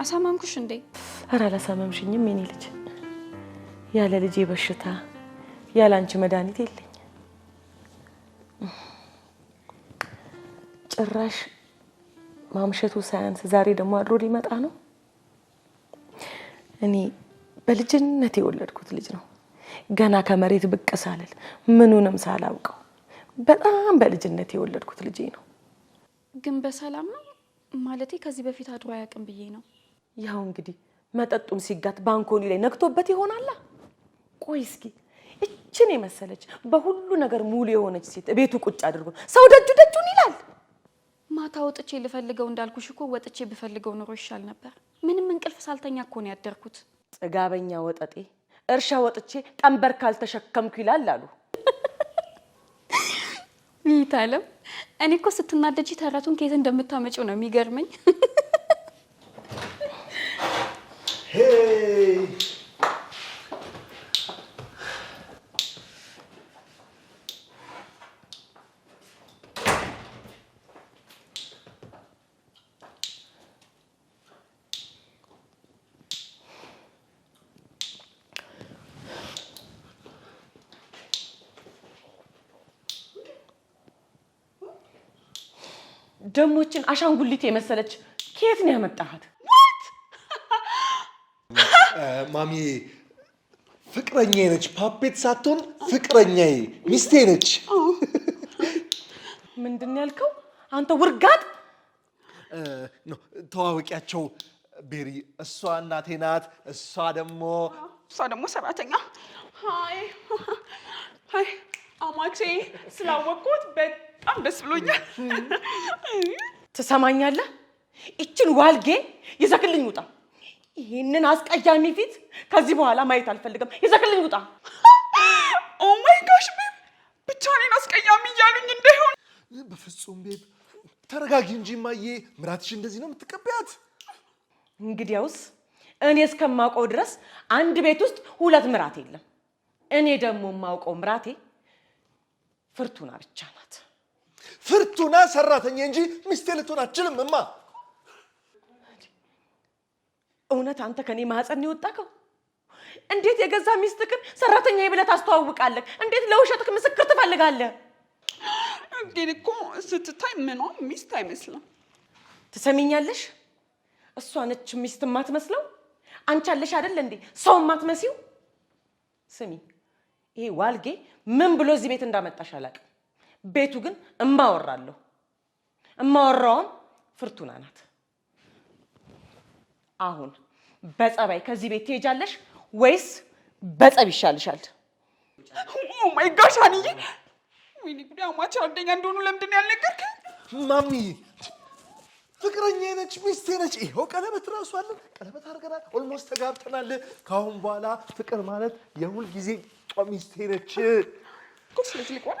አሳመምኩሽ እንዴ? ኧረ አላሳመምሽኝም የኔ ልጅ። ያለ ልጄ በሽታ ያለ አንቺ መድኃኒት የለኝ ጭራሽ ማምሸቱ ሳያንስ ዛሬ ደግሞ አድሮ ሊመጣ ነው። እኔ በልጅነት የወለድኩት ልጅ ነው። ገና ከመሬት ብቅ ሳልል ምኑንም ሳላውቀው በጣም በልጅነት የወለድኩት ልጄ ነው። ግን በሰላም ነው ማለቴ ከዚህ በፊት አድሮ አያውቅም ብዬ ነው። ያው እንግዲህ መጠጡም ሲጋት ባንኮኒ ላይ ነግቶበት ይሆናላ። ቆይ እስኪ እችን የመሰለች በሁሉ ነገር ሙሉ የሆነች ሴት ቤቱ ቁጭ አድርጎ ሰው ደጁ ደጅ ማታ ወጥቼ ልፈልገው እንዳልኩሽ እኮ ወጥቼ ብፈልገው ኑሮ ይሻል ነበር። ምንም እንቅልፍ ሳልተኛ እኮ ነው ያደርኩት። ጥጋበኛ ወጠጤ፣ እርሻ ወጥቼ ቀንበር ካልተሸከምኩ ይላል አሉ ይታለም። እኔ እኮ ስትናደጂ ተረቱን ከየት እንደምታመጪው ነው የሚገርመኝ። ያችን አሻንጉሊት የመሰለች ከየት ነው ያመጣሃት? ማሚ ፍቅረኛ ነች። ፓፔት ሳትሆን ፍቅረኛ ሚስቴ ነች። ምንድን ያልከው አንተ ውርጋጥ? ተዋወቂያቸው ቤሪ። እሷ እናቴ ናት። እሷ ደግሞ እሷ ደግሞ ሰራተኛ። ሀይ፣ አማቼ ስላወቅኩት በጣም ደስ ብሎኛል። ትሰማኛለህ? ይችን ዋልጌ ይዘክልኝ ውጣ። ይህንን አስቀያሚ ፊት ከዚህ በኋላ ማየት አልፈልግም። ይዘክልኝ ውጣ። ኦ ማይ ጋሽ ቤብ፣ ብቻ እኔን አስቀያሚ እያሉኝ እንዳይሆን። በፍጹም ቤብ ተረጋጊ እንጂ ማዬ፣ ምራትሽ እንደዚህ ነው የምትቀበያት? እንግዲያውስ እኔ እስከማውቀው ድረስ አንድ ቤት ውስጥ ሁለት ምራት የለም። እኔ ደግሞ የማውቀው ምራቴ ፍርቱና ብቻ ናት። ፍርቱና ሰራተኛ እንጂ ሚስቴ ልትሆን አችልም። እማ እውነት አንተ ከኔ ማህፀን የወጣከው? እንዴት የገዛ ሚስትክን ሰራተኛ ብለህ ታስተዋውቃለህ? እንዴት ለውሸትክ ምስክር ትፈልጋለህ? ግን እኮ ስትታይ ምኗም ሚስት አይመስልም። ትሰሚኛለሽ? እሷ ነች ሚስት የማትመስለው። አንቺ አለሽ አይደል እንዴ ሰው የማትመሲው። ስሚ ይሄ ዋልጌ ምን ብሎ እዚህ ቤት እንዳመጣሽ አላውቅም ቤቱ ግን እማወራለሁ። እማወራውም ፍርቱና ናት። አሁን በጸባይ ከዚህ ቤት ትሄጃለሽ ወይስ በጸብ ይሻልሻል? ኦማይ ጋሽ አንዬ፣ ወይኔ ጉዴ! አማች አንደኛ እንደሆኑ ለምንድን ነው ማሚ ፍቅረኛ ነች፣ ሚስቴ ነች። ይኸው ቀለበት ራሱ አለን። ቀለበት አድርገናል። ኦልሞስት ተጋብተናል። ከአሁን በኋላ ፍቅር ማለት የሁል ጊዜ ሚስቴ ነች። ስለዚህ ሊቆና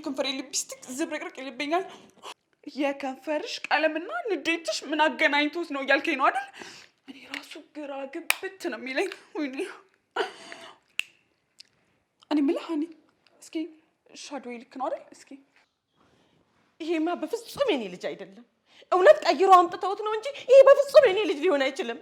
የከንፈሬ ሊፕስቲክ ዝብርቅርቅ ይልብኛል። የከንፈርሽ ቀለምና ንዴትሽ ምን አገናኝቶት ነው እያልከኝ ነው አይደል? እኔ ራሱ ግራ ግብት ነው የሚለኝ። ወይኔ እኔ የምልህ ሀኒ፣ እስኪ ሻዶ ይልክ ነው አይደል? እስኪ ይሄማ በፍጹም የኔ ልጅ አይደለም። እውነት ቀይሮ አምጥተውት ነው እንጂ ይሄ በፍጹም የኔ ልጅ ሊሆን አይችልም።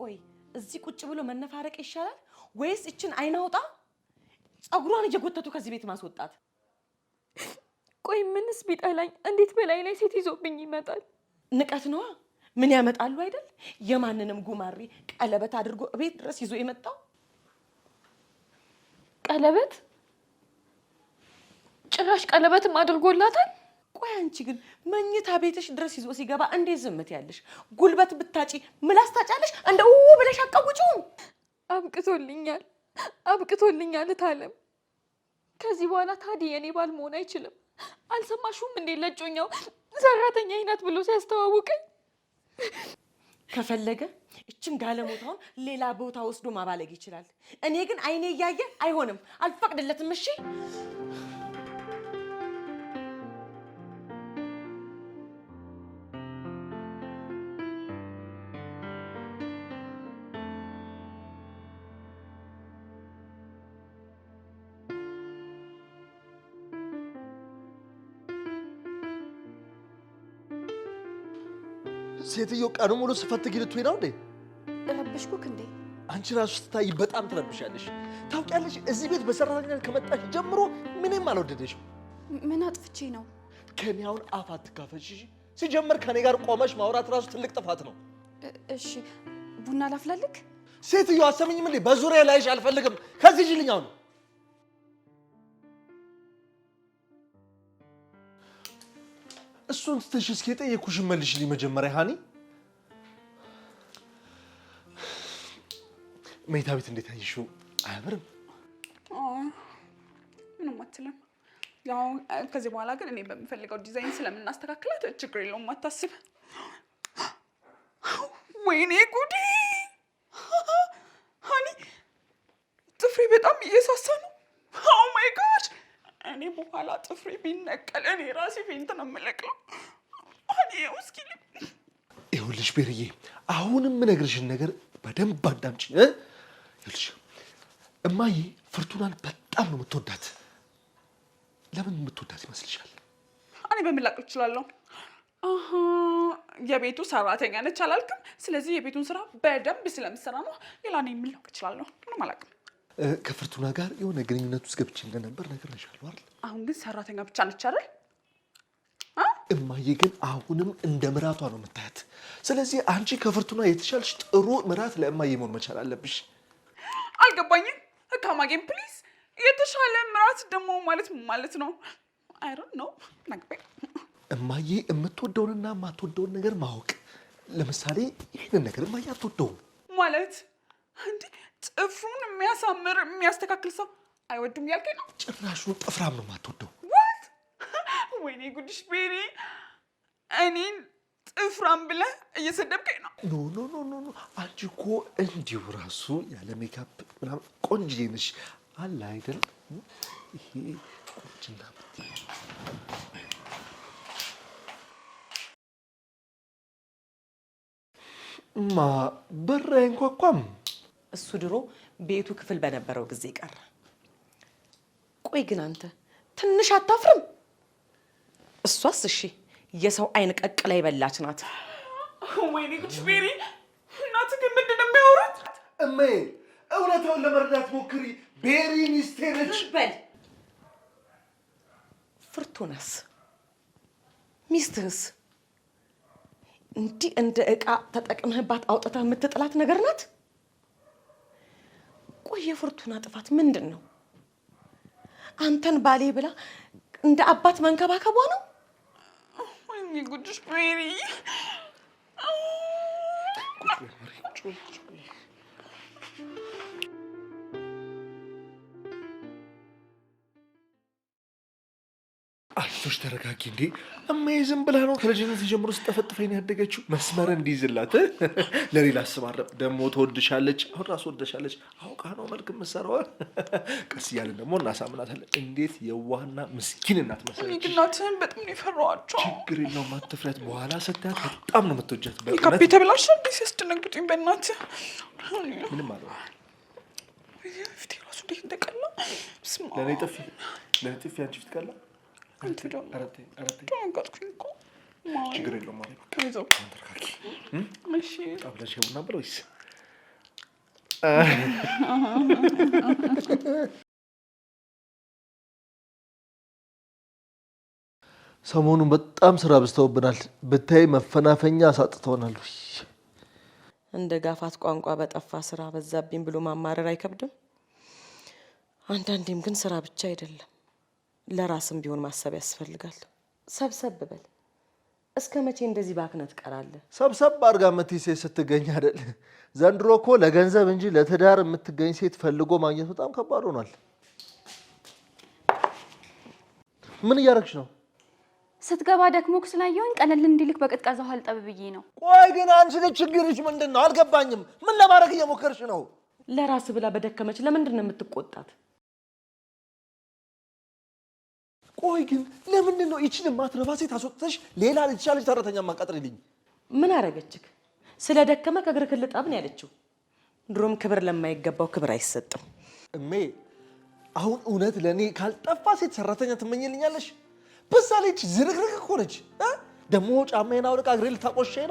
ቆይ እዚህ ቁጭ ብሎ መነፋረቅ ይሻላል ወይስ እችን አይናውጣ ጸጉሯን እየጎተቱ ከዚህ ቤት ማስወጣት? ቆይ ምንስ ቢጠላኝ እንዴት በላይ ላይ ሴት ይዞብኝ ይመጣል? ንቀት ነዋ። ምን ያመጣሉ አይደል? የማንንም ጉማሬ ቀለበት አድርጎ ቤት ድረስ ይዞ የመጣው ቀለበት ጭራሽ ቀለበትም አድርጎላታል። ቆይ አንቺ ግን መኝታ ቤትሽ ድረስ ይዞ ሲገባ እንዴት ዝምት ያለሽ? ጉልበት ብታጪ ምላስ ታጫለሽ? እንደ ው ብለሽ አቀውጪው። አብቅቶልኛል፣ አብቅቶልኛል እታለም። ከዚህ በኋላ ታዲያ የኔ ባል መሆን አይችልም። አልሰማሽውም እንዴ? ለጮኛው ሰራተኛ ይናት ብሎ ሲያስተዋውቀኝ ከፈለገ እችን ጋለሞታውን ሌላ ቦታ ወስዶ ማባለግ ይችላል። እኔ ግን አይኔ እያየ አይሆንም፣ አልፈቅድለትም። እሺ ሴትዮ ቀኑ ሙሉ ስፈትጊ ልትይ ነው እንዴ? ረብሽኩክ እንዴ? አንቺ ራሱ ስታይ በጣም ትረብሻለሽ። ታውቂያለሽ፣ እዚህ ቤት በሰራተኛ ከመጣሽ ጀምሮ ምንም አልወደደሽም። ምን አጥፍቼ ነው? ከኔ አሁን አፍ አትካፈሽ። ሲጀምር ከኔ ጋር ቆመሽ ማውራት ራሱ ትልቅ ጥፋት ነው። እሺ ቡና ላፍላልክ? ሴትዮ አሰምኝም እንዴ? በዙሪያ ላይሽ አልፈልግም። ከዚህ ጅልኝ ነው እሱን ስትሽ እስኪ የጠየኩሽን መልሽልኝ መጀመሪያ ሃኒ መኝታ ቤት እንዴት አየሽው? አያምርም? ምንም አትልም። ያው ከዚህ በኋላ ግን እኔ በምፈልገው ዲዛይን ስለምናስተካክላት ችግር የለውም አታስብ። ወይኔ ጉዴ! ሀኒ ጥፍሬ በጣም እየሳሳ ነው። ኦ ማይ ጋድ! እኔ በኋላ ጥፍሬ ቢነቀል እኔ ራሴ ፌንት ነው የምለቅለው። ሀኒ ውስኪ ይኸውልሽ፣ ቤርዬ አሁንም የምነግርሽን ነገር በደንብ አዳምጪኝ። ልጅ እማዬ ፍርቱናን በጣም ነው የምትወዳት። ለምን የምትወዳት ይመስልሻል? እኔ በምን ላቅ እችላለሁ? የቤቱ ሰራተኛ ነች አላልክም? ስለዚህ የቤቱን ስራ በደንብ ስለምሰራ ነው። ሌላ ነው የምላውቅ እችላለሁ። ምንም አላውቅም። ከፍርቱና ጋር የሆነ ግንኙነት ውስጥ ገብቼ እንደነበር ነግሬሻለሁ አይደል? አሁን ግን ሰራተኛ ብቻ ነች አይደል? እማዬ ግን አሁንም እንደ ምራቷ ነው የምታያት። ስለዚህ አንቺ ከፍርቱና የተሻልሽ ጥሩ ምራት ለእማዬ መሆን መቻል አለብሽ። አልገባኝም። እካማጌን ፕሊዝ። የተሻለ ምራት ደግሞ ማለት ማለት ነው አይሮን ነው። እማዬ የምትወደውንና የማትወደውን ነገር ማወቅ። ለምሳሌ ይህንን ነገር እማዬ አትወደውም ማለት እንዴ? ጥፍሩን የሚያሳምር የሚያስተካክል ሰው አይወድም ያልከኝ ነው? ጭራሹ ጥፍራም ነው የማትወደው። ወይኔ ጉድሽ ቤሪ እኔን ጥፍራም ብለህ እየሰደብከኝ ነው። ኖ ኖ ኖ ኖ ኖ አንቺ እኮ እንዲሁ ራሱ ያለ ሜካፕ ምናምን ቆንጅዬ ነሽ አለ አይደል? ይሄ ቆንጅና ማ በራ አይንኳኳም። እሱ ድሮ ቤቱ ክፍል በነበረው ጊዜ ቀረ። ቆይ ግን አንተ ትንሽ አታፍርም? እሷስ እሺ የሰው አይን ቀቅላ የበላች ናት። ወይኔ ጉድ! ሜሪ፣ እናት ግን ምንድን ነው የሚያወሩት? እማዬ እውነታውን ለመረዳት ሞክሪ። ቤሪ ሚስቴ ነች በል። ፍርቱናስ ሚስትህስ እንዲህ እንደ እቃ ተጠቅምህባት አውጥታ የምትጥላት ነገር ናት። ቆይ የፍርቱና ጥፋት ምንድን ነው? አንተን ባሌ ብላ እንደ አባት መንከባከቧ ነው me good sweetie. Oh. Good, እባክሽ ተረጋጊ እንዴ እማዬ ዝም ብላ ነው ከልጅነት ጀምሮ ስጠፈጥፈኝ ያደገችው መስመር እንዲይዝላት ለሌላ አስማረም ደግሞ ትወድሻለች አሁን ራሱ ወደሻለች አውቃ ነው መልክ የምትሰራው ቀስ እያልን ደግሞ እናሳምናታለን እንዴት የዋህና ምስኪን እናት መሰለች በጣም ነው የፈራኋቸው ችግር የለውም አትፍረት በኋላ ስታያት በጣም ነው የምትወጃት በእውነት የተበላሽ እንዴ ሲያስደነግጡኝ በእናትህ ምንም አለ ፊት ራሱ እንዴት እንደቀላ ለእኔ ጥፊ ለእኔ ጥፊ አንቺ ፊት ቀላ Hmm? ሰሞኑን በጣም ስራ ብዝተውብናል። ብታይ መፈናፈኛ አሳጥተውናል። እንደ ጋፋት ቋንቋ በጠፋ ስራ በዛብኝ ብሎ ማማረር አይከብድም። አንዳንዴም ግን ስራ ብቻ አይደለም ለራስም ቢሆን ማሰብ ያስፈልጋል። ሰብሰብ በል። እስከ መቼ እንደዚህ ባክነት ቀራለ? ሰብሰብ አድርጋ የምትይ ሴት ስትገኝ አይደል? ዘንድሮ እኮ ለገንዘብ እንጂ ለትዳር የምትገኝ ሴት ፈልጎ ማግኘት በጣም ከባድ ሆኗል። ምን እያደረግሽ ነው? ስትገባ ደክሞክ ስላየሁኝ ቀለል እንዲልክ በቀዝቃዛ ውሃ ልጠብ ብዬ ነው። ቆይ ግን አንቺ ልጅ ችግርሽ ምንድን ነው? አልገባኝም። ምን ለማድረግ እየሞከርሽ ነው? ለራስ ብላ በደከመች ለምንድን ነው የምትቆጣት? ቆይ ግን ለምንድን ነው ይችን ማትረባ ሴት አስወጥተሽ ሌላ ልጅ ሰራተኛ ማቀጥርልኝ? ምን አረገችክ? ስለ ደከመ ከእግር ክልጣብን ያለችው። ድሮም ክብር ለማይገባው ክብር አይሰጥም። እሜ አሁን እውነት ለእኔ ካልጠፋ ሴት ሰራተኛ ትመኝልኛለሽ? በዛ ልጅ ዝርግርግ እኮ ነች። ደግሞ ጫማዬን አውልቃ እግሬ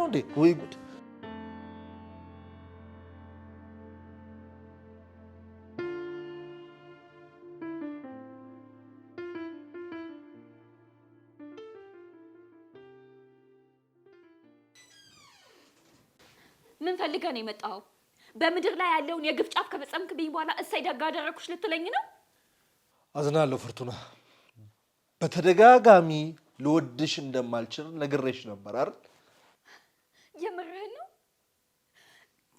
ነው እንዴ? ወይ ጉድ! ፈልገህ ነው የመጣኸው? በምድር ላይ ያለውን የግፍ ጫፍ ከፈጸምክብኝ በኋላ እሳይ ደጋ አደረኩሽ ልትለኝ ነው? አዝናለሁ ፍርቱና፣ በተደጋጋሚ ልወድሽ እንደማልችል ነግሬሽ ነበር አይደል? የምርህን ነው?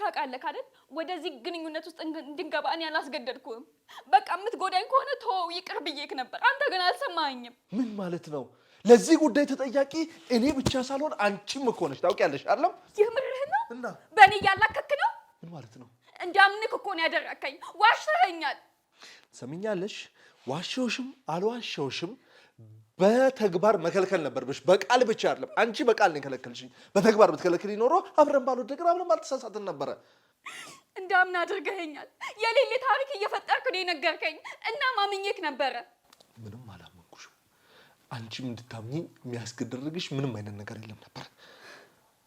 ታውቃለህ አይደል? ወደዚህ ግንኙነት ውስጥ እንድንገባ እኔ አላስገደድኩህም። በቃ የምትጎዳኝ ከሆነ ተወው ይቅር ብዬክ ነበር። አንተ ግን አልሰማኝም። ምን ማለት ነው? ለዚህ ጉዳይ ተጠያቂ እኔ ብቻ ሳልሆን አንቺም እኮ ነሽ። ታውቂያለሽ አይደለም? እና በእኔ እያላከክ ነው። ምን ማለት ነው? እንዳምንክ እኮ ነው ያደረከኝ። ዋሽተኸኛል። ሰሚኛለሽ? ዋሸውሽም አልዋሸውሽም በተግባር መከልከል ነበርብሽ። በቃል ብቻ አይደለም። አንቺ በቃል ነው የከለከልሽኝ። በተግባር ብትከለክል ይኖሮ አብረን ባልወደቅን፣ አብረን ባልተሳሳትን ነበረ። እንዳምን አድርገኸኛል። የሌለ ታሪክ እየፈጠርክ ነው የነገርከኝ እና ማምኘክ ነበረ። ምንም አላመንኩሽም። አንቺም እንድታምኚ የሚያስገድርግሽ ምንም አይነት ነገር የለም ነበር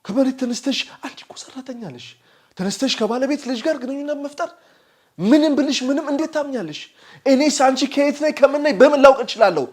ከመሬት ተነስተሽ አንቺ እኮ ሰራተኛ ነሽ። ተነስተሽ ከባለቤት ልጅ ጋር ግንኙነት መፍጠር ምንም ብልሽ ምንም እንዴት ታምኛለሽ? እኔስ አንቺ ከየት ነይ ከምን ነይ በምን ላውቅ እችላለሁ?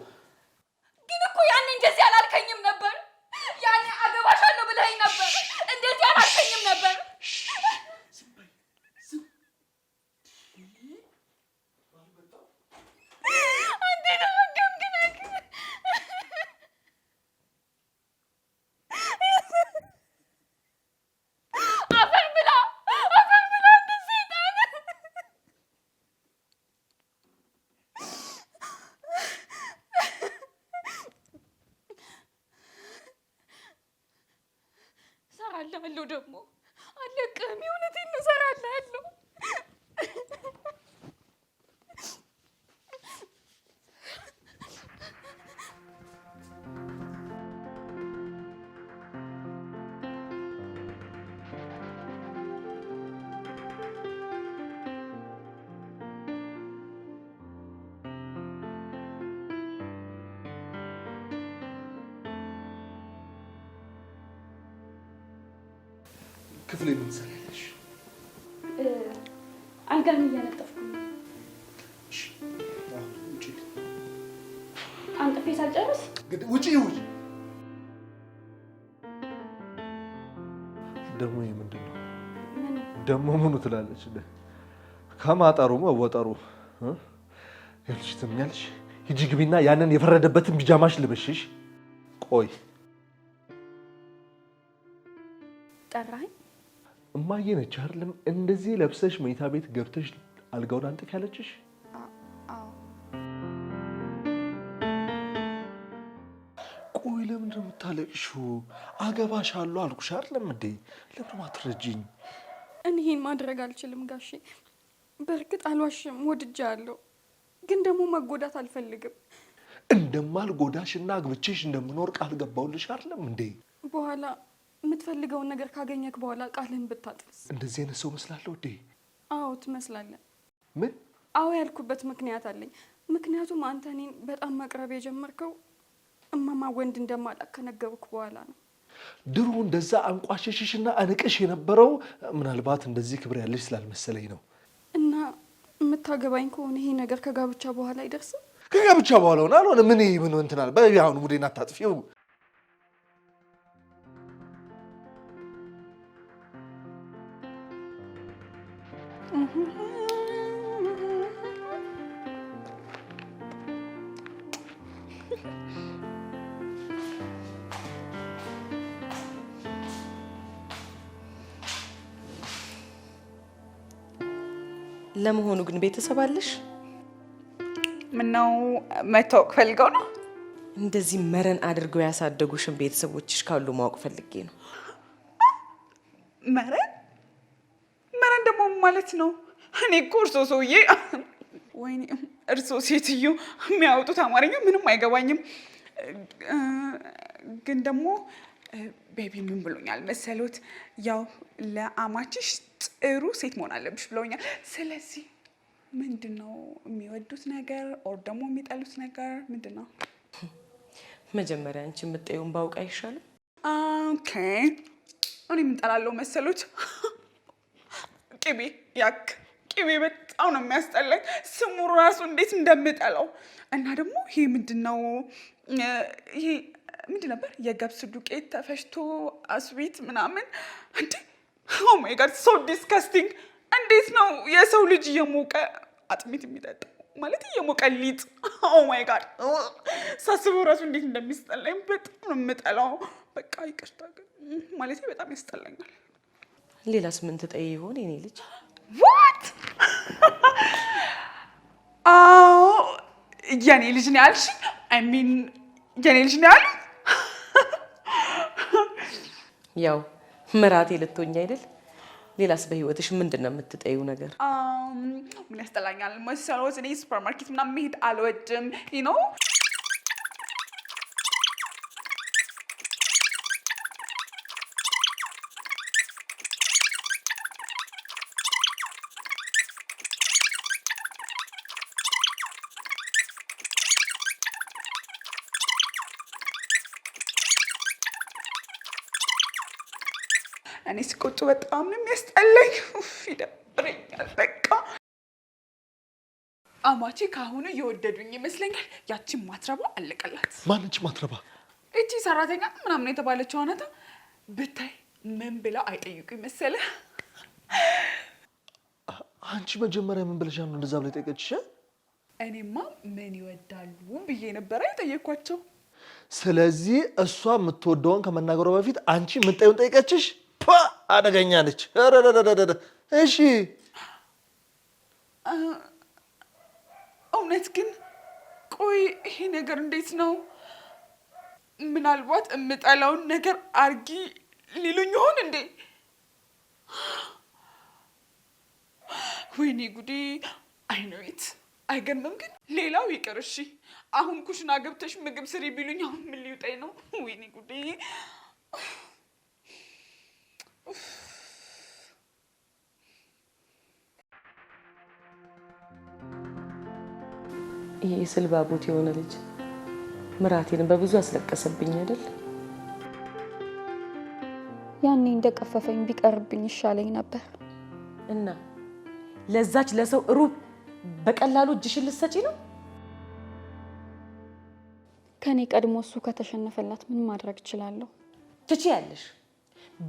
ክፍል ምን ትሰሪያለሽ? አልጋን እያነጠፍኩ አንጥፌ ሳልጨርስ ውጪ ውጪ። ደግሞ ይሄ ምንድን ነው ደግሞ? ምኑ ትላለች ከማጠሩ መወጠሩ ልጅ ትምኛለሽ። ሂጂ ግቢና ያንን የፈረደበትን ቢጃማሽ ልበሽሽ። ቆይ ጠራኝ እማዬ ነች አይደለም እንደዚህ ለብሰሽ መኝታ ቤት ገብተሽ አልጋውን አንጥፍ ያለችሽ? ቆይ ለምንድን ነው የምታለቅሺው? አገባሻለሁ አልኩሽ አይደለም እንዴ? ለምን ማትረጅኝ? እኔ ይሄን ማድረግ አልችልም ጋሼ። በእርግጥ አልዋሽም፣ ወድጃለሁ፣ ግን ደግሞ መጎዳት አልፈልግም። እንደማልጎዳሽ እና አግብቼሽ እንደምኖር ቃል ገባሁልሽ አይደለም እንዴ? በኋላ የምትፈልገውን ነገር ካገኘክ በኋላ ቃልህን ብታጥፍስ? እንደዚህ አይነት ሰው መስላለሁ እዴ? አዎ ትመስላለህ። ምን? አዎ ያልኩበት ምክንያት አለኝ። ምክንያቱም አንተ እኔን በጣም መቅረብ የጀመርከው እማማ ወንድ እንደማላቅ ከነገሩክ በኋላ ነው። ድሮ እንደዛ አንቋሸሽሽና አንቅሽ የነበረው ምናልባት እንደዚህ ክብር ያለሽ ስላልመሰለኝ ነው። እና የምታገባኝ ከሆነ ይሄ ነገር ከጋብቻ በኋላ አይደርስም? ከጋብቻ በኋላ ሆን አልሆነ ምን ምን እንትናል በአሁኑ ሙዴን አታጥፊው ለመሆኑ ግን ቤተሰብ አለሽ? ምነው መታወቅ ፈልገው ነው? እንደዚህ መረን አድርገው ያሳደጉሽን ቤተሰቦችሽ ካሉ ማወቅ ፈልጌ ነው። መረን መረን ደግሞ ማለት ነው? እኔ እኮ እርሶ ሰውዬ፣ ወይኔ እርሶ ሴትዮ፣ የሚያወጡት አማርኛ ምንም አይገባኝም። ግን ደግሞ ቤቢ ምን ብሎኛል መሰሎት? ያው ለአማችሽ ጥሩ ሴት መሆን አለብሽ ብለውኛል። ስለዚህ ምንድን ነው የሚወዱት ነገር ኦር ደግሞ የሚጠሉት ነገር ምንድን ነው? መጀመሪያ አንቺ የምጠየውን ባውቅ አይሻልም? ኦኬ እኔ የምንጠላለው መሰሎች ቅቤ ያክ ቅቤ በጣም ነው የሚያስጠላኝ። ስሙ ራሱ እንዴት እንደምጠላው እና ደግሞ ይሄ ምንድን ይሄ ምንድን ነበር? የገብስ ዱቄት ተፈጭቶ አስዊት ምናምን እንዴ! ኦ ማይ ጋድ ሶ ዲስካስቲንግ። እንዴት ነው የሰው ልጅ እየሞቀ አጥሚት የሚጠጣ ማለት እየሞቀ ሊጥ። ኦ ማይ ጋድ ሳስበው ራሱ እንዴት እንደሚስጠላኝ በጣም ነው የምጠላው። በቃ ይቅርታ ግን ማለት በጣም ያስጠላኛል። ሌላስ ምን ትጠይ ይሆን የኔ ልጅ? ዋት አዎ የኔ ልጅ ነው ያልሽኝ? አይ ሚን የኔ ልጅ ነው ያልሽኝ? ያው ምራቴ ልትሆኝ አይደል? ሌላስ በህይወትሽ ምንድን ነው የምትጠይው ነገር? ምን ያስጠላኛል? ሞሰሎስ እኔ ሱፐርማርኬት ምናምን መሄድ አልወድም ነው እኔ ስቆጡ በጣም ነው የሚያስጠላኝ። ይደብረኛል በቃ። አማቺ ከአሁኑ እየወደዱኝ ይመስለኛል። ያቺን ማትረባ አለቀላት። ማንች ማትረባ? እቺ ሰራተኛ ምናምን የተባለችው አነተ ብታይ ምን ብለው አይጠይቁ ይመስለ አንቺ መጀመሪያ ምን ብለሻ ነው እንደዛ ብለ የጠየቀችሽ? እኔማ ምን ይወዳሉ ብዬ ነበረ የጠየኳቸው። ስለዚህ እሷ የምትወደውን ከመናገሯ በፊት አንቺ የምታዩን ጠይቀችሽ? አደገኛ ነች። እሺ እውነት ግን ቆይ ይሄ ነገር እንዴት ነው? ምናልባት የምጠላውን ነገር አርጊ ሊሉኝ ይሆን እንዴ? ወይኔ ጉዴ! አይነዊት አይገርምም። ግን ሌላው ይቅር እሺ፣ አሁን ኩሽና ገብተሽ ምግብ ስሪ ቢሉኝ አሁን ምን ሊውጠኝ ነው? ወይኔ ጉዴ! ይሄ ስልባቦት የሆነ ልጅ ምራቴን በብዙ አስለቀሰብኝ አይደል? ያኔ እንደቀፈፈኝ ቢቀርብኝ ይሻለኝ ነበር። እና ለዛች ለሰው ሩብ በቀላሉ እጅሽን ልትሰጪ ነው? ከኔ ቀድሞ እሱ ከተሸነፈላት ምን ማድረግ እችላለሁ? ትችያለሽ።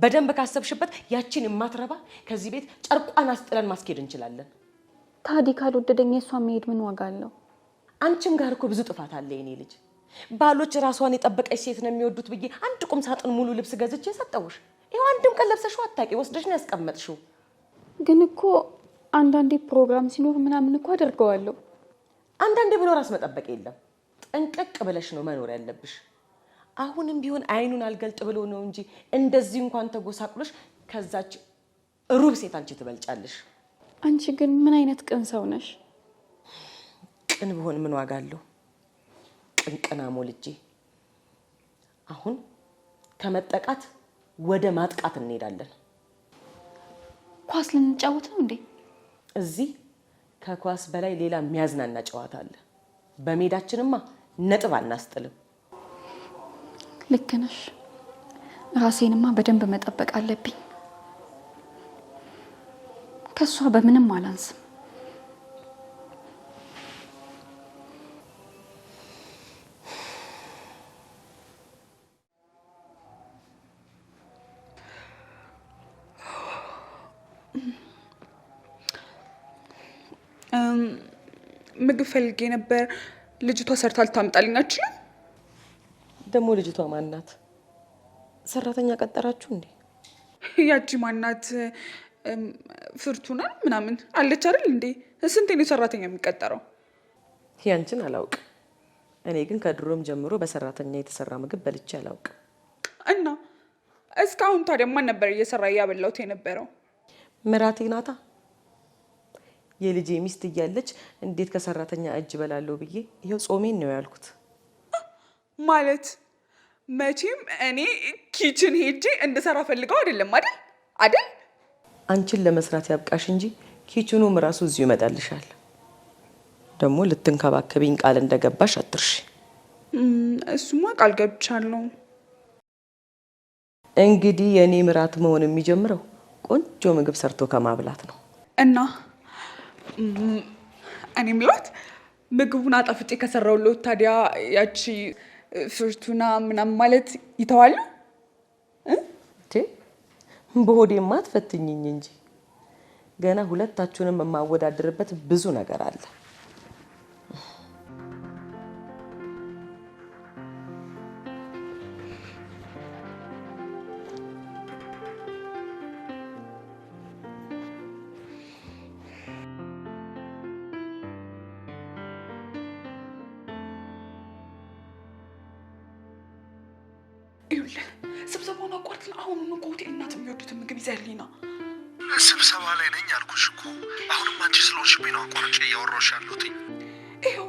በደንብ ካሰብሽበት ያችን የማትረባ ከዚህ ቤት ጨርቋን አስጥለን ማስኬድ እንችላለን። ታዲያ ካልወደደኝ የእሷ መሄድ ምን ዋጋ አለው? አንቺም ጋር እኮ ብዙ ጥፋት አለ የኔ ልጅ። ባሎች ራሷን የጠበቀች ሴት ነው የሚወዱት ብዬ አንድ ቁም ሳጥን ሙሉ ልብስ ገዝቼ ሰጠውሽ። ይኸው አንድም ቀን ለብሰሽው አታውቂ፣ ወስደሽ ነው ያስቀመጥሽው። ግን እኮ አንዳንዴ ፕሮግራም ሲኖር ምናምን እኮ አደርገዋለሁ። አንዳንዴ ብሎ ራስ መጠበቅ የለም። ጥንቅቅ ብለሽ ነው መኖር ያለብሽ። አሁንም ቢሆን አይኑን አልገልጥ ብሎ ነው እንጂ እንደዚህ እንኳን ተጎሳቅሎሽ ከዛች ሩብ ሴት አንቺ ትበልጫለሽ። አንቺ ግን ምን አይነት ቅን ሰው ነሽ? ቅን ብሆን ምን ዋጋ አለው? ቅንቅና ሞልጄ አሁን ከመጠቃት ወደ ማጥቃት እንሄዳለን። ኳስ ልንጫወት ነው እንዴ? እዚህ ከኳስ በላይ ሌላ የሚያዝናና ጨዋታ አለ። በሜዳችንማ ነጥብ አናስጥልም። ልክ ነሽ። ራሴንማ በደንብ መጠበቅ አለብኝ። ከእሷ በምንም አላንስም። ምግብ ፈልጌ ነበር። ልጅቷ ሰርታ ልታምጣልኝ አችልም ደግሞ ልጅቷ ማናት? ሰራተኛ ቀጠራችሁ እንዴ? ያቺ ማናት ፍርቱና ምናምን አለች አይደል እንዴ? ስንቴ ነው ሰራተኛ የሚቀጠረው? ያንችን አላውቅ እኔ ግን ከድሮም ጀምሮ በሰራተኛ የተሰራ ምግብ በልቼ አላውቅ እና እስካሁን ታዲያ ማን ነበር እየሰራ እያበላሁት የነበረው? ምራቴ ናታ። የልጄ ሚስት እያለች እንዴት ከሰራተኛ እጅ በላለሁ ብዬ ይኸው ጾሜን ነው ያልኩት። ማለት መቼም እኔ ኪችን ሄጄ እንድሰራ ፈልገው አይደለም አይደል አይደል? አንቺን ለመስራት ያብቃሽ እንጂ ኪችኑም ራሱ እዚሁ ይመጣልሻል። ደግሞ ልትንከባከቢኝ ቃል እንደገባሽ አትርሽ እሱማ ቃል ገብቻለሁ። እንግዲህ የእኔ ምራት መሆን የሚጀምረው ቆንጆ ምግብ ሰርቶ ከማብላት ነው። እና እኔ ምላት ምግቡን አጣፍጤ ከሰራውለት ታዲያ ያቺ ፍርቱና ምናምን ማለት ይተዋሉ። በሆዴማ አትፈትኝኝ እንጂ ገና ሁለታችሁንም የማወዳድርበት ብዙ ነገር አለ። ስብሰባውን አቋርጥ። አሁኑኑ ኮቴ እናት የሚወዱትን ምግብ ይዘህልኝና ስብሰባ ላይ ነኝ አልኩሽ እኮ። አሁንም አንቺ ስለሆንሽብኝ ነው አቋርጬ እያወራሁሽ ያለሁት። ይኸው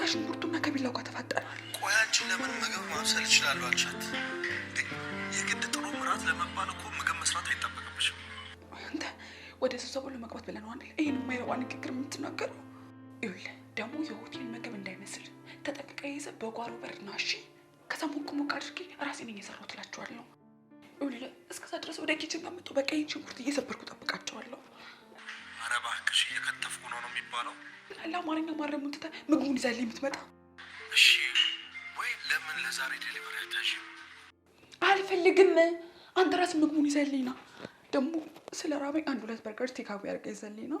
ከሽንኩርቱና ከቢላው ጋር ተፋጠናል። ቆይ አንቺ ለምን ምግብ ማብሰል እችላለሁ አልሻት? የግድ ጥሩ ምራት ለመባል እኮ ምግብ መስራት አይጠበቅብሽም። አንተ ወደ ስብሰባው ለመግባት ብለህ ነው አይደል ይህን የማይረባ ንግግር የምትናገረው? ይኸውልህ ደግሞ የሆቴል ምግብ እንዳይመስል ተጠቅቀ ይዘህ በጓሮ በር ና እሺ። ከዛ ሞቅ ሞቅ አድርጌ ራሴ ነኝ የሰራሁት እላችኋለሁ። እስከዛ ድረስ ወደ ኪችን አምጥቶ በቀይ ሽንኩርት እየሰበርኩ ጠብቃቸዋለሁ። ኧረ እባክሽ እየከተፍኩ ነው ነው የሚባለው። ለአማርኛ ማረሙን ትተህ ምግቡን ይዛል የምትመጣ እሺ ወይ? ለምን ለዛሬ ዴሊቨሪ አታሽ? አልፈልግም። አንተ ራስ ምግቡን ይዘህልኝ ና። ደግሞ ስለ ራበኝ አንድ ሁለት በርገር ቴካዊ ያርገ ይዘህልኝ ነው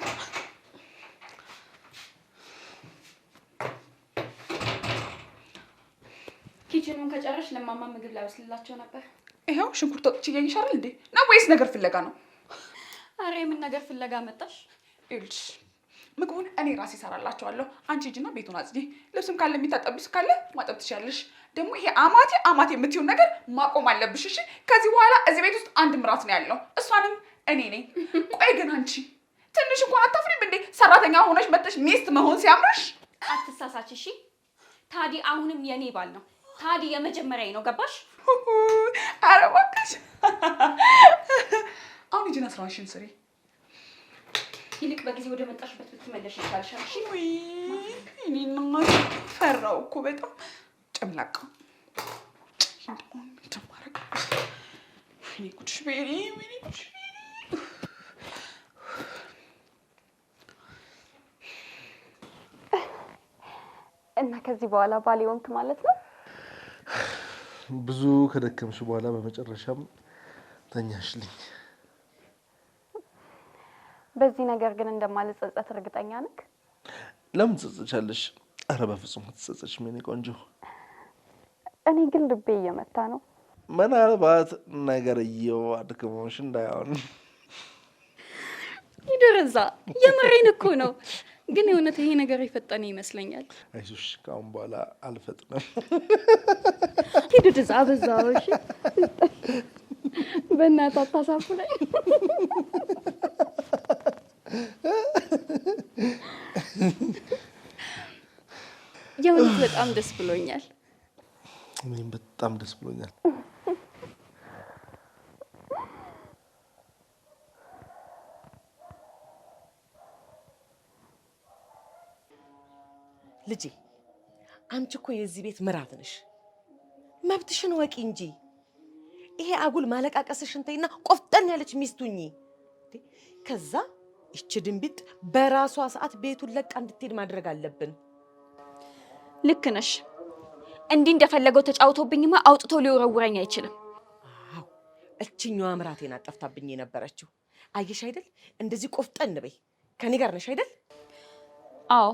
ኪችኑን ከጨረሽ ለማማ ምግብ ላበስልላቸው ነበር። ይኸው ሽንኩርት ወጥቼ እያየሽ አይደል እንዴ? ነው ወይስ ነገር ፍለጋ ነው? አረ የምን ነገር ፍለጋ መጣሽ? ይኸውልሽ ምግቡን እኔ ራሴ እሰራላችኋለሁ። አንቺ ሂጂና ቤቱን አጽጂ። ልብስም ካለ የሚታጠብስ ካለ ማጠብ ትችያለሽ። ደግሞ ይሄ አማቴ አማቴ የምትይውን ነገር ማቆም አለብሽ። እሺ? ከዚህ በኋላ እዚህ ቤት ውስጥ አንድ ምራት ነው ያለው፣ እሷንም እኔ ነኝ። ቆይ ግን አንቺ ትንሽ እንኳን አታፍሪም እንዴ? ሰራተኛ ሆነሽ መጥተሽ ሚስት መሆን ሲያምርሽ። አትሳሳች። እሺ? ታዲ አሁንም የኔ ባል ነው። ታዲ የመጀመሪያ ነው። ገባሽ? ኧረ እባክሽ አሁን ሂጂና ስራሽን ስሪ። ይልቅ በጊዜ ወደ መጣሽበት ብትመለሽ ይሻልሻል። እኔና ፈራው እኮ በጣም ጨምላቃ እና ከዚህ በኋላ ባሌ ወንክ ማለት ነው። ብዙ ከደከምሽ በኋላ በመጨረሻም ተኛሽልኝ። በዚህ ነገር ግን እንደማልጸጸት እርግጠኛ ነክ? ለምን ትጸጸቻለሽ? አረ በፍጹም ትጸጸች ምን ቆንጆ። እኔ ግን ልቤ እየመታ ነው። ምናልባት ነገርየው አድክሞሽ እንዳይሆን ይደረዛ። የምሬን እኮ ነው። ግን የእውነት ይሄ ነገር የፈጠነ ይመስለኛል። አይዞሽ ካሁን በኋላ አልፈጥነም። ሂድ ድዛ በዛው። እሺ በእናትህ አታሳፉ ላይ የእውነት በጣም ደስ ብሎኛል። እኔም በጣም ደስ ብሎኛል። ልጄ አንቺ እኮ የዚህ ቤት ምራት ነሽ። መብትሽን ወቂ እንጂ ይሄ አጉል ማለቃቀስሽን ተይና ቆፍጠን ያለች ሚስቱኝ። ከዛ ይች ድንቢጥ በራሷ ሰዓት ቤቱን ለቃ እንድትሄድ ማድረግ አለብን። ልክ ነሽ። እንዲህ እንደፈለገው ተጫውቶብኝማ አውጥቶ ሊወረውረኝ አይችልም። አዎ እችኛዋ ምራቴን አጠፍታብኝ የነበረችው አየሽ አይደል? እንደዚህ ቆፍጠን በይ። ከኔ ጋር ነሽ አይደል? አዎ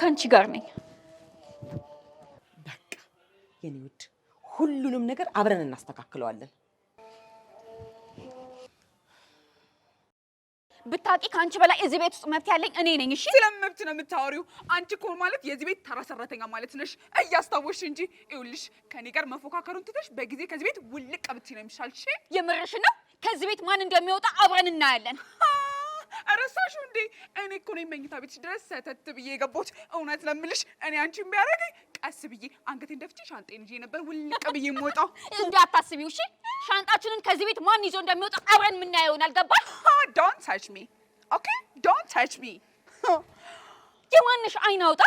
ከአንቺ ጋር ነኝ። በቃ የኔ ውድ ሁሉንም ነገር አብረን እናስተካክለዋለን። ብታውቂ ከአንቺ በላይ እዚህ ቤት ውስጥ መብት ያለኝ እኔ ነኝ። እሺ፣ ስለምን መብት ነው የምታወሪው? አንቺ እኮ ማለት የዚህ ቤት ተራ ሰራተኛ ማለት ነሽ፣ እያስታወሽ እንጂ። ይኸውልሽ ከእኔ ጋር መፎካከሩን ትተሽ በጊዜ ከዚህ ቤት ውልቅ ብትይ ነው የሚሻልሽ። የምርሽ ነው? ከዚህ ቤት ማን እንደሚወጣ አብረን እናያለን። እረሳሽው እንዴ? እኔ እኮ ነኝ መኝታ ቤትሽ ድረስ ሰተት ብዬ የገባሁት። እውነት ለምልሽ እኔ አንቺን ቢያደርገኝ ቀስ ብዬ አንገቴን ደፍቼ ሻንጤን ይዤ ነበር ውልቅ ብዬ የምወጣው። አታስቢው እሺ። ሻንጣችንን ከዚህ ቤት ማን ይዞ እንደሚወጣ አብረን የምናየው ይሆናል። ገባሽ? ዶንት ታች ሚ ኦኬ። ዶንት ታች ሚ የማንሽ አይን አውጣ።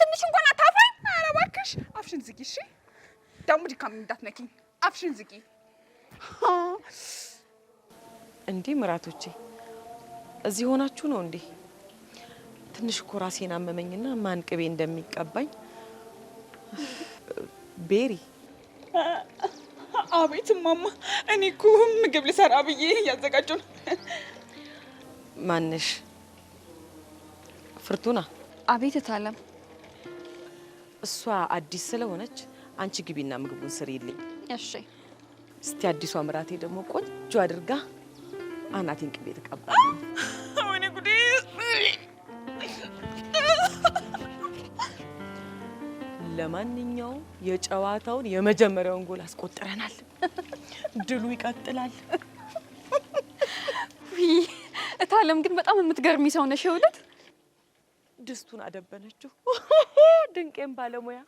ትንሽ እንኳን አታፍሪም? ኧረ እባክሽ አፍሽን ዝጊ። እሺ ደግሞ ድካም እንዳትነኪኝ። አፍሽን ዝጊ። እንዲህ ምራቶቼ እዚህ ሆናችሁ ነው እንዴ? ትንሽ እኮ ራሴን አመመኝና ማን ቅቤ እንደሚቀባኝ። ቤሪ አቤት ማማ፣ እኔ እኮ ምግብ ልሰራ ብዬ እያዘጋጀሁ ነው። ማንሽ? ፍርቱና። አቤት እታለም። እሷ አዲስ ስለሆነች አንቺ ግቢና ምግቡን ስሪልኝ። እሺ። እስቲ አዲሷ ምራቴ ደግሞ ቆንጆ አድርጋ አናቴን ቅቤ ተቀባ። ወይኔ ጉዴ! ለማንኛውም የጨዋታውን የመጀመሪያውን ጎል አስቆጥረናል። ድሉ ይቀጥላል። እታለም ግን በጣም የምትገርሚ ሰው ነሽ። የእውነት ድስቱን አደበነችው። ድንቄም ባለሙያ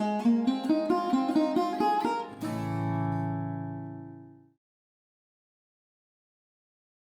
うん